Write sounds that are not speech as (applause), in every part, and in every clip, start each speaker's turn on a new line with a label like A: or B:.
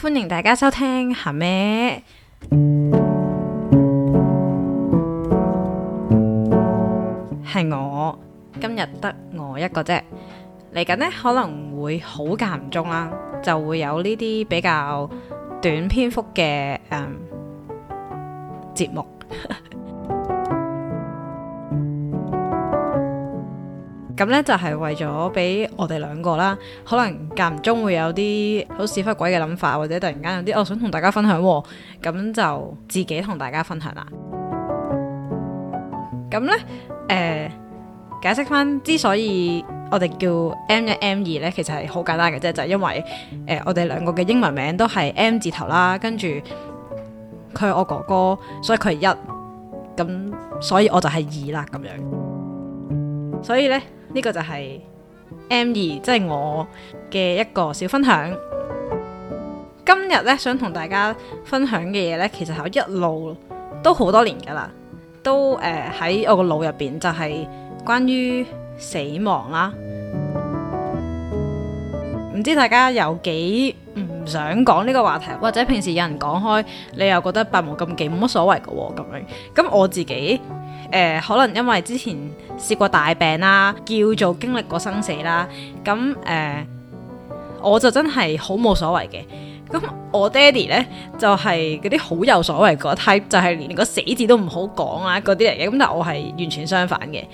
A: 歡迎大家收聽，係咩？係我今日得我一個啫。嚟緊呢，可能會好間唔中啦，就會有呢啲比較短篇幅嘅誒節目。 (laughs) 咁咧就係為咗俾我哋兩個啦，可能間唔中會有啲好似忽鬼嘅諗法，或者突然間有啲我、哦、想同大家分享、哦，咁就自己同大家分享啦。咁咧，誒、 (music) 呃，解釋翻之所以我哋叫 M 一 M 二咧，其實係好簡單嘅啫，就係、是、因為誒、呃、我哋兩個嘅英文名都係 M 字頭啦，跟住佢係我哥哥，所以佢係一，咁所以我就係二啦，咁樣。所以咧，呢、這個就係 M2，即係我嘅一個小分享。今日咧，想同大家分享嘅嘢咧，其實係一路都好多年噶啦，都誒喺、呃、我個腦入邊就係、是、關於死亡啦。唔知大家有幾？嗯想講呢個話題，或者平時有人講開，你又覺得百無禁忌，冇乜所謂噶、哦，咁樣。咁我自己，誒、呃，可能因為之前試過大病啦，叫做經歷過生死啦，咁誒、呃，我就真係好冇所謂嘅。咁我爹哋呢，就係嗰啲好有所謂個 type，就係、係、連個死字都唔好講啊，嗰啲嚟嘅。咁但係我係完全相反嘅。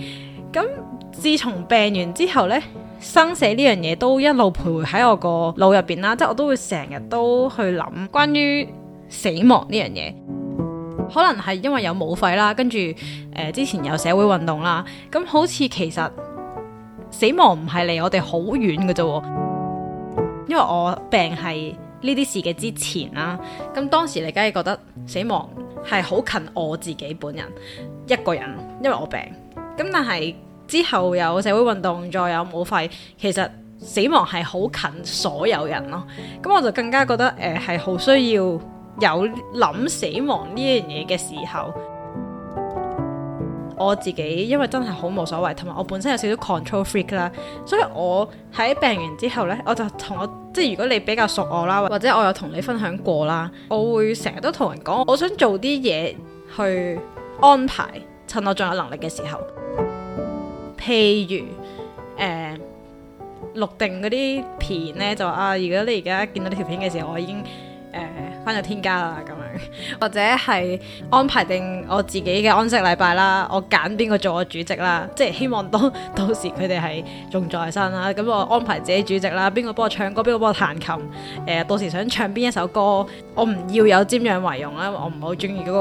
A: 咁自從病完之後呢。生死呢樣嘢都一路徘徊喺我個腦入邊啦，即係我都會成日都去諗關於死亡呢樣嘢。可能係因為有武肺啦，跟住誒、呃、之前有社會運動啦，咁好似其實死亡唔係離我哋好遠嘅啫。因為我病係呢啲事嘅之前啦，咁當時你梗係覺得死亡係好近我自己本人一個人，因為我病。咁但係。之後有社會運動，再有武肺。其實死亡係好近所有人咯。咁我就更加覺得誒、係好需要有諗死亡呢樣嘢嘅時候， (music) 我自己因為真係好冇所謂，同埋我本身有少少 control freak 啦，所以我喺病完之後呢，我就同我，即係如果你比較熟我啦，或者我有同你分享過啦，我會成日都同人講，我想做啲嘢去安排，趁我仲有能力嘅時候。譬如誒、呃、錄定嗰啲片咧，就啊，如果你而家見到呢條片嘅時候，我已經誒返咗天家啦咁樣， (laughs) 或者係安排定我自己嘅安息禮拜啦，我揀邊個做我主席啦，即係希望當到，到時佢哋係仲在生啦，咁我安排自己主席啦，邊個幫我唱歌，邊個幫我彈琴，誒、呃、到時想唱邊一首歌，我唔要有瞻仰遺容啦，我唔好中意嗰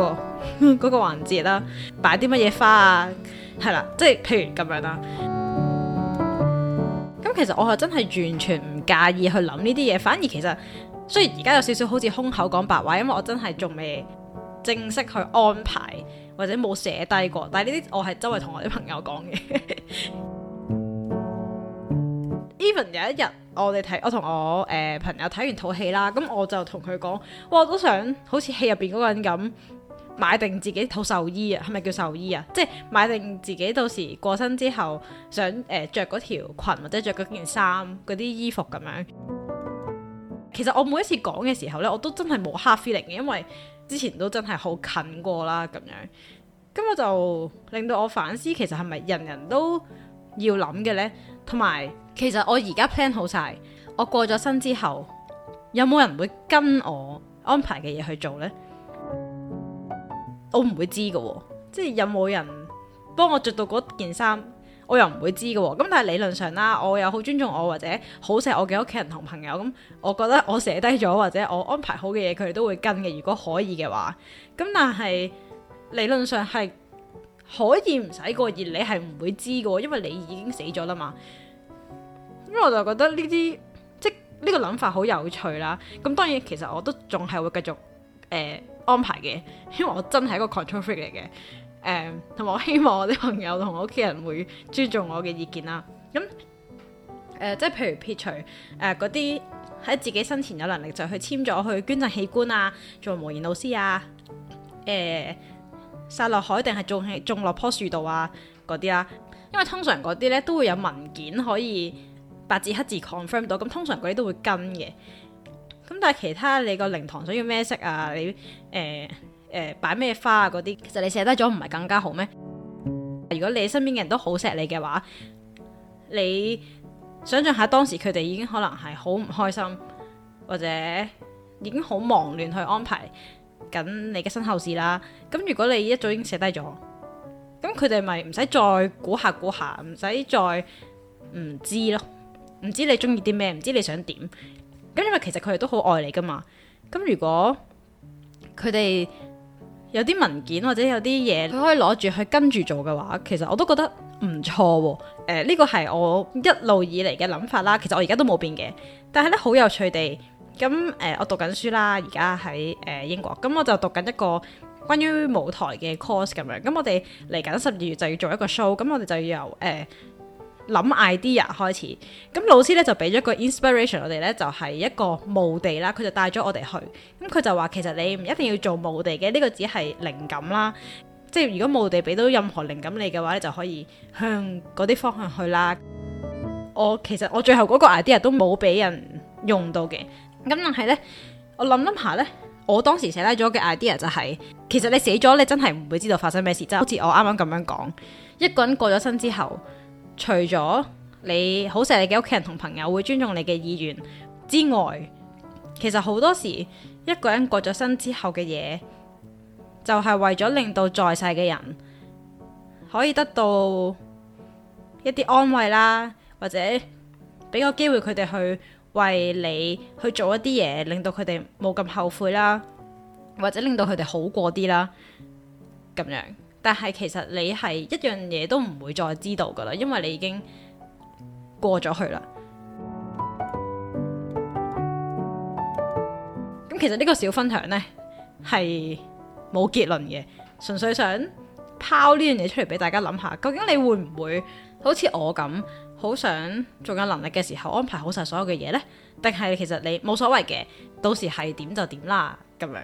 A: 個嗰 (laughs) 個環節啦，擺啲乜嘢花啊～係啦，即係譬如咁樣啦。咁其實我係真係完全唔介意去諗呢啲嘢，反而其實雖然而家有少少好似空口講白話，因為我真係仲未正式去安排或者冇寫低過，但係呢啲我係周圍同我啲朋友講嘅。 (laughs) Even 有一日我哋睇我同我誒、呃、朋友睇完套戲啦，咁我就同佢講，哇，我都想好似戲入邊嗰個人咁。買定自己套壽衣啊，係咪叫壽衣啊？即係買定自己到時過身之後，想誒着嗰條裙或者着嗰件衫嗰啲衣服咁樣。其實我每一次講嘅時候呢，我都真係冇黑 feeling 嘅，因為之前都真係好近過啦咁樣。咁我就令到我反思，其實係咪人人都要諗嘅呢？同埋，其實我而家 plan 好曬，我過咗身之後，有冇人會跟我安排嘅嘢去做呢？我唔會知嘅，即係有冇人幫我着到嗰件衫，我又唔會知嘅。咁但係理論上啦，我又好尊重我或者好錫我嘅屋企人同朋友。咁我覺得我寫低咗或者我安排好嘅嘢，佢哋都會跟嘅。如果可以嘅話，咁但係理論上係可以唔使過熱，你係唔會知嘅，因為你已經死咗啦嘛。咁我就覺得呢啲即呢個諗法好有趣啦。咁當然，其實我都仲係會繼續。誒、呃、安排嘅，因為我真係一個 control 嚟嘅，誒同埋我希望我啲朋友同我屋企人會尊重我嘅意見啦。咁、嗯、誒、呃，即係譬如撇除誒嗰啲喺自己生前有能力就是、去簽咗去捐贈器官啊，做無言老師啊，誒撒落海定係種種落棵樹度啊嗰啲啦，因為通常嗰啲咧都會有文件可以白字黑字 confirm 到，咁通常嗰啲都會跟嘅。咁但係其他你個靈堂想要咩色啊？你誒誒擺咩花啊？嗰啲其實你寫低咗唔係更加好咩？如果你身邊嘅人都好錫你嘅話，你想象下當時佢哋已經可能係好唔開心，或者已經好忙亂去安排緊你嘅身後事啦。咁如果你一早已經寫低咗，咁佢哋咪唔使再估下估下，唔使再唔知咯，唔知你中意啲咩，唔知你想點。咁因為其實佢哋都好愛你噶嘛，咁如果佢哋有啲文件或者有啲嘢，佢可以攞住去跟住做嘅話，其實我都覺得唔錯喎。誒呢個係我一路以嚟嘅諗法啦。其實我而家都冇變嘅，但係咧好有趣地，咁誒、呃、我讀緊書啦，而家喺誒英國，咁我就讀緊一個關於舞台嘅 course 咁樣。咁我哋嚟緊十二月就要做一個 show，咁我哋就要由誒。呃諗 idea 開始，咁老師咧就俾咗個 inspiration 我哋咧就係一個墓地啦，佢就帶咗我哋去。咁佢就話，其實你唔一定要做墓地嘅，呢個只係靈感啦，即係如果墓地俾到任何靈感你嘅話，你就可以向嗰啲方向去啦。我其實我最後嗰個 idea 都冇俾人用到嘅，咁但係呢，我諗諗下呢，我當時寫低咗嘅 idea 就係其實你死咗你真係唔會知道發生咩事，即係好似我啱啱咁樣講，一個人過咗身之後。除咗你好錫你嘅屋企人同朋友會尊重你嘅意願之外，其實好多時一個人過咗身之後嘅嘢，就係為咗令到在世嘅人可以得到一啲安慰啦，或者俾個機會佢哋去為你去做一啲嘢，令到佢哋冇咁後悔啦，或者令到佢哋好過啲啦，咁樣。但係其實你係一樣嘢都唔會再知道噶啦，因為你已經過咗去啦。咁 (music) 其實呢個小分享呢，係冇結論嘅，純粹想拋呢樣嘢出嚟俾大家諗下，究竟你會唔會好似我咁，好想仲有能力嘅時候安排好晒所有嘅嘢呢？定係其實你冇所謂嘅，到時係點就點啦咁樣。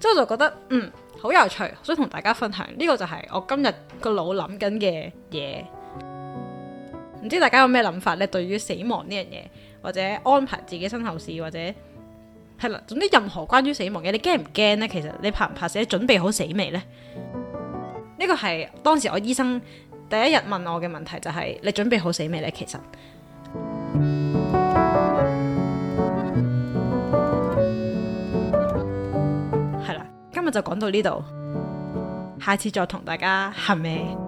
A: 之 (laughs) 後就覺得嗯。好有趣，想同大家分享呢個就係我今日個腦諗緊嘅嘢，唔知大家有咩諗法呢？對於死亡呢樣嘢，或者安排自己身後事，或者係啦，總之任何關於死亡嘅，你驚唔驚呢？其實你怕唔怕死？準備好死未呢？呢個係當時我醫生第一日問我嘅問題，就係「你準備好死未呢？」其實。就講到呢度，下次再同大家合咩，行嗎？